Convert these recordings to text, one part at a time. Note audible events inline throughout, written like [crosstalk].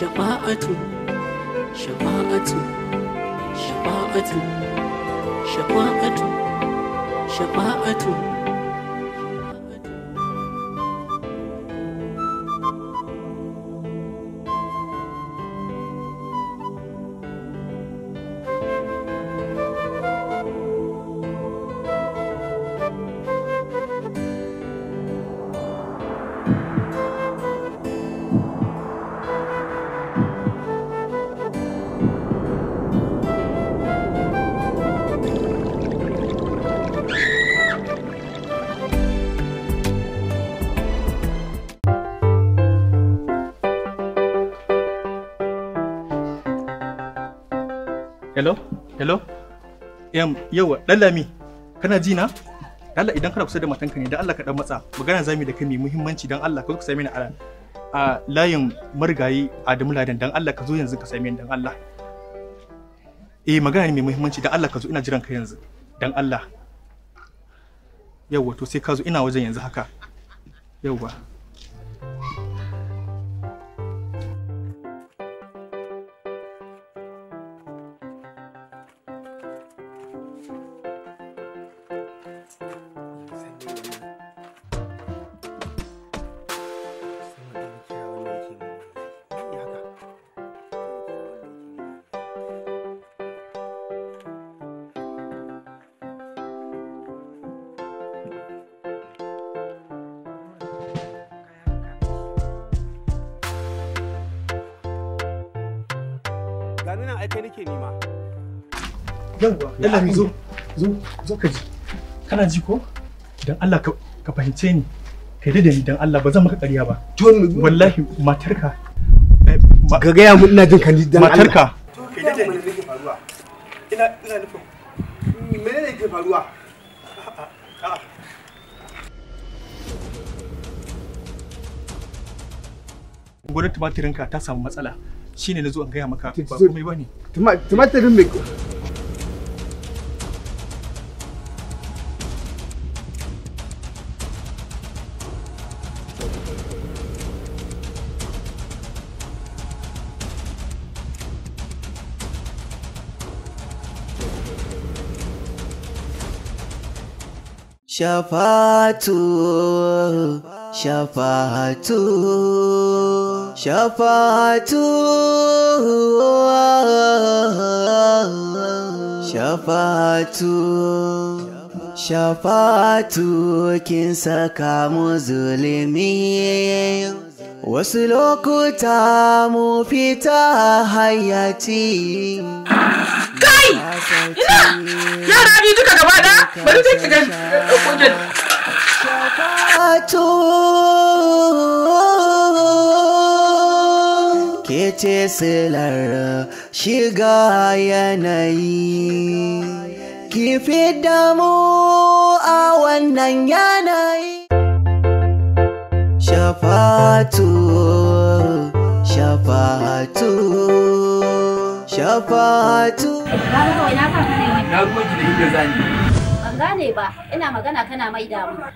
shafa'atu shafa'atu shafa'atu shafa'atu shafa'atu hello hello yam yawa dan lami kana ji na Allah idan kana kusa da matanka ne dan Allah ka dan matsa magana zamu da kai mai muhimmanci dan Allah ka zo ka same ni a a layin marigayi Adamu Ladan dan Allah ka zo yanzu ka same ni dan Allah eh magana ne mai muhimmanci dan Allah ka zo ina jiran ka yanzu dan Allah yawa to sai ka zo ina wajen yanzu haka yawa gani nan aike nake nema yawwa zo zo zo ka ji kana ji ko dan Allah ka fahimce ni kai da ni dan Allah ba zan maka ƙarya ba wallahi matarka ga eh, gaya mun ina jin ka ni dan Allah matarka kai da ni faruwa ina ina nufin menene yake faruwa gwada tumatirinka ta samu matsala na nazo an gaya maka ba komai bane tumatirin me Shafatu, Shafatu. shafa'atu shafa'atu shafa'atu kin saka mu zulumi wasu lokuta mu fita hayati kai ina yara biyu duka gaba da bari take gan kujin shafa'atu ke ce silar shiga yanayi ki fi damu a wannan yanayi shafatu shafatu shafatu na ruwa da inda zani ban gane ba ina magana kana mai damu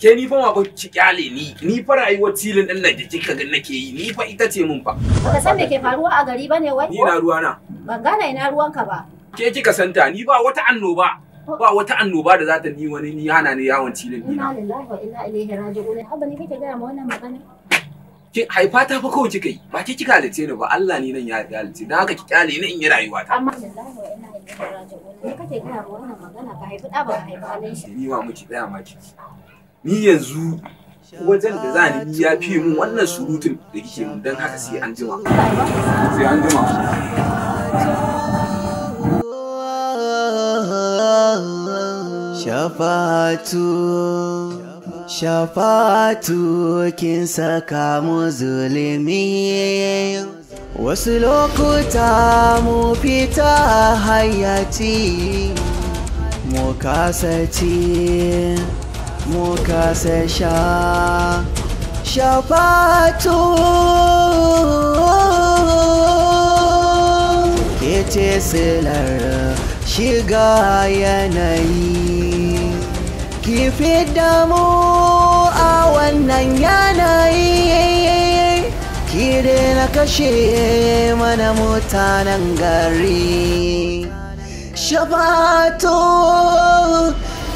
ke ni fa ma ba ci kyale ni ni fa rayuwar tilin din nan da kika ga nake yi ni fa ita ce mun fa ka san me ke faruwa a gari bane wai ni na ruwa na ban gane ina ruwanka ba ke kika santa ni ba wata annoba ba wata annoba da za ta ni wani ni hana ni yawon tilin ni na inna ilaihi raji'un haba ne kake ga ma wannan magana ki haifa ta fa kawai kika yi ba ke kika halice ni ba Allah ni nan ya halice dan haka ki kyale ni in yi rayuwa ta amma lillahi wa inna ilaihi raji'un ne kake ga wannan magana ka haifi da ba ka haifa ne shi ni ma miki tsaya ma kiki ni yanzu wajen da za ni ya fi mun wannan surutun da kike mun don haka sai an jima sai an jima shafatu shafatu kin saka mu zulumi wasu lokuta mu fita hayati mu kasace sha shafatu ce silar shiga yanayi ki fidda mu a wannan yanayi ki na kashe mana mutanen gari shafatu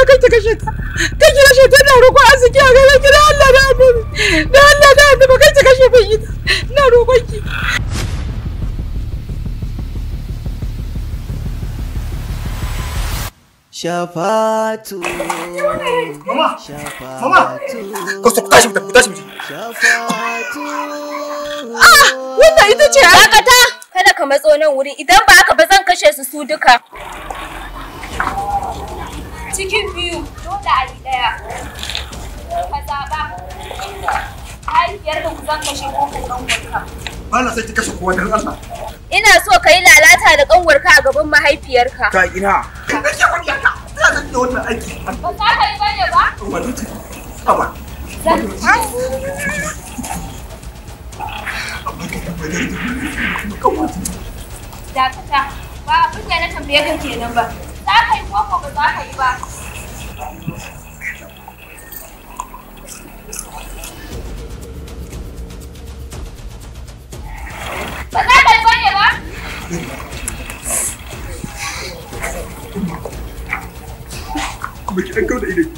Allah kai ta kashe ta kai ki kashe ta roƙon arziki a gare ki Allah da annabi da Allah da annabi kai ta kashe min ita ina roƙon ki Shafatu. Mama! Mama! Kosto, tashi mu tafi, tashi mu Shafatu. Ah! Wannan ita ce! Dakata! Kada ka matso nan wuri idan ba haka ba zan kashe su su duka. cikin biyu dole a yi ɗaya ka zaɓa mahaifiyar da ku zan kashe ko ku ɗan Bala na sai ki kashe kowa don Allah ina so ka yi lalata da ƙanwarka a gaban mahaifiyarka ka ina ka kashe kuɗiyarka ta zan da wannan aiki ba za ka yi ne ba ba? wani ta ba Dakata, ba abin da na tambaye ka kenan ba. Za ka yi koko ba za ka yi ba. Een beetje enkel de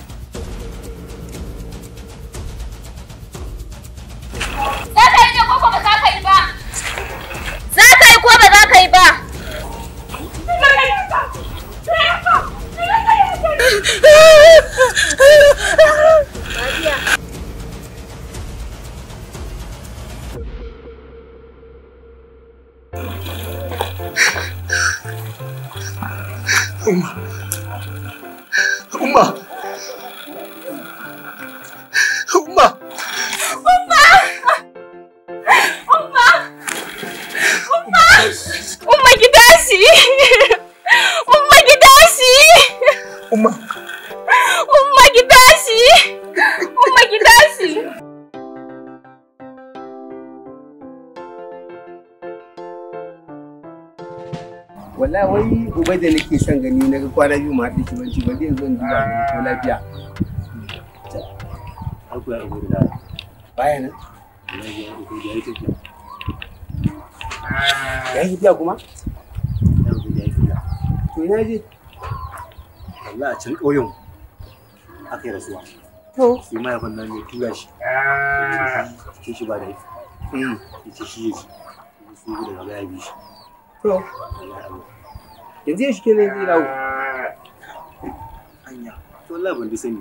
엄마 엄마 wala wai ubai da nake son gani na kwana biyu ma haɗe kibanci ba zai zo duba ko lafiya ya yi kuma to ina je wallahi a can ƙauyen aka yi rasuwa to sai ma tura shi ke ah. shi ba da mm. shi bi shi to yanzu ya shike ne anya to Allah ban sai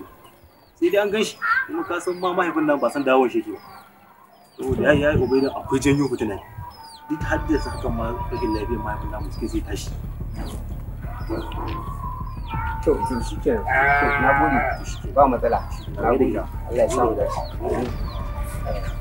dai an gan shi kuma ka san ma mahaifin nan ba san dawo shi ke ubai da akwai janyo fitina duk haddasa hakan ma rashin mahaifin suke zai tashi to shi ke na gode ba matsala na gode Allah ya sa mu dace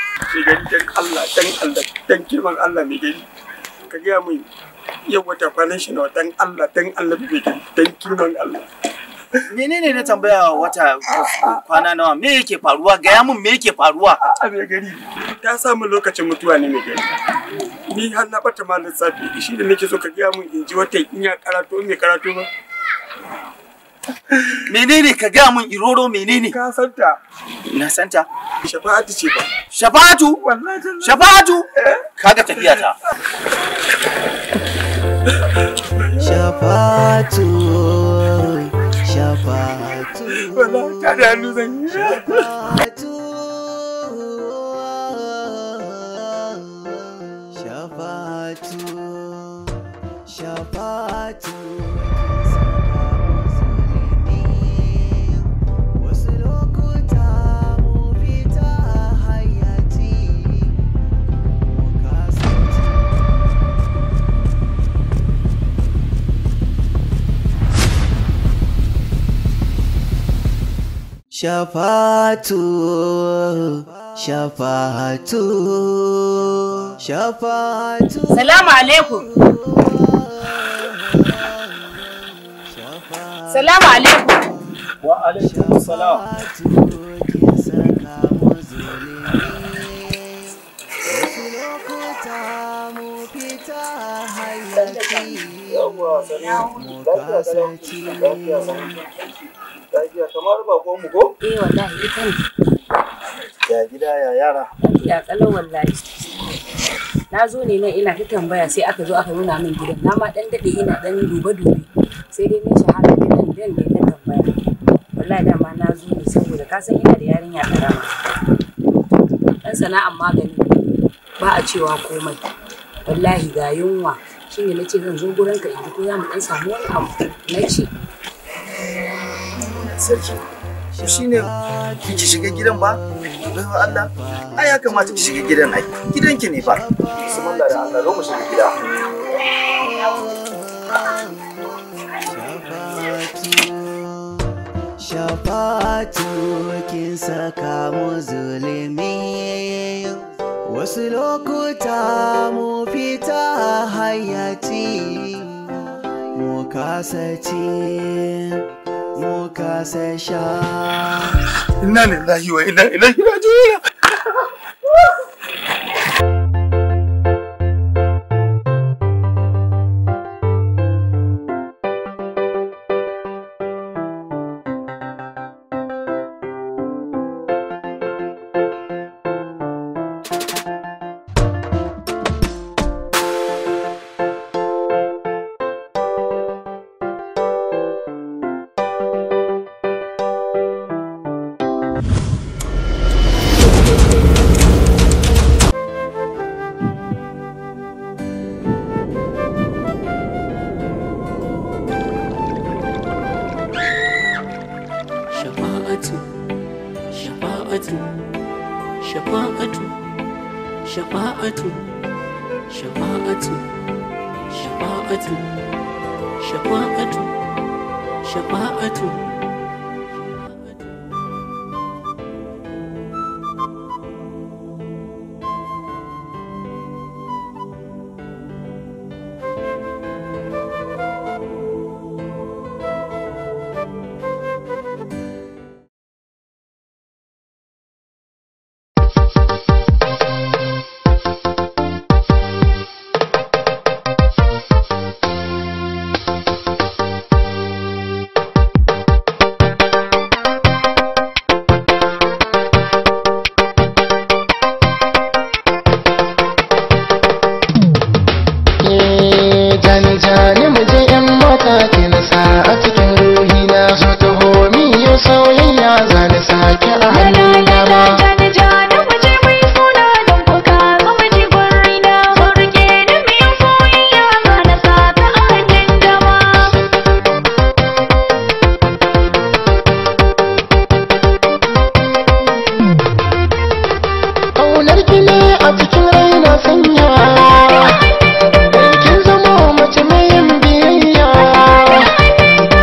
mai gari dan Allah dan Allah dan girman Allah mai gari ka gaya min yau wata kwanan shi nawa dan Allah dan Allah mai gari dan girman Allah menene na tambaya wata kwana nawa me yake faruwa gaya mun me yake faruwa a mai gari ta samu lokacin mutuwa ne mai gari ni har na bata ma lissafi shi da nake so ka gaya mun in ji wata in ya karato me karato ba [laughs] menene ka gaya mun iroro menene ka santa na santa Shafatu ce ba Shafatu? shafa'atu shafa'atu eh? kaga tafiya ta Shafatu. Shafatu. wallahi ta da hannu zan Shafatu, shafatu, shafatu. Salamu alaikum. Salamu alaikum. Wa alaikum salam. Yawwa, Lafiya kamar bakon mu ko? Eh wallahi ita ne. Ya gida ya yara. Ya kalau wallahi. Na zo ne nan ina ta tambaya sai aka zo aka nuna min gidan. Na ma dan dade ina dan dube dube. Sai dai ni shahara gidan dan da ta tambaya. Wallahi dama na zo ne saboda ka san ina da yarinya karama. Dan sana'an magani ba a cewa komai. Wallahi ga yunwa shine nace zan zo ka in ko za mu dan samu wani abu. Nace sarki to shine ki shiga gidan ba don Allah ai ya kamata ki shiga gidan ai gidanki ne fa bismillah da Allah zo mu shiga gida Shafatu kin saka mu zulumi wasu lokuta mu fita hayati mu kasace mu ka sai sha Ina lillahi Thank you. ki ne a cikin raina sanya kin zama mace mai yin biyayya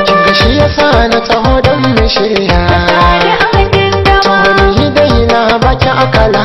kin ga shi yasa na taho don mu shirya to ni dai na baki akala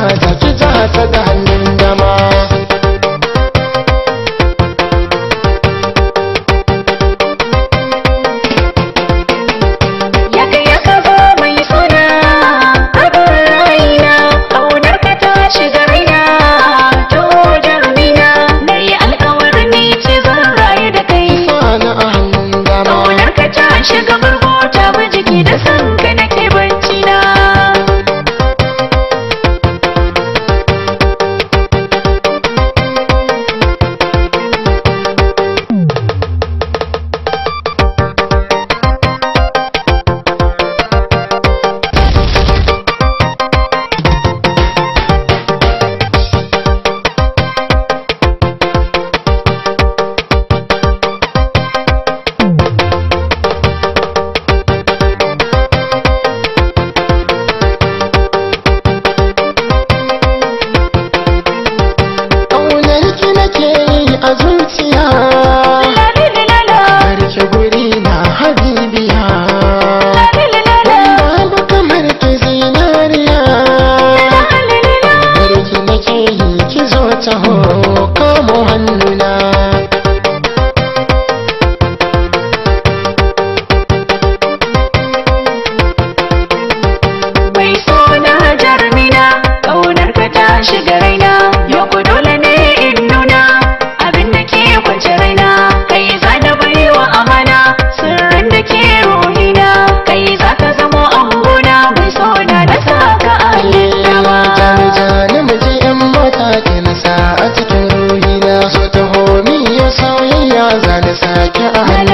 ki a hannu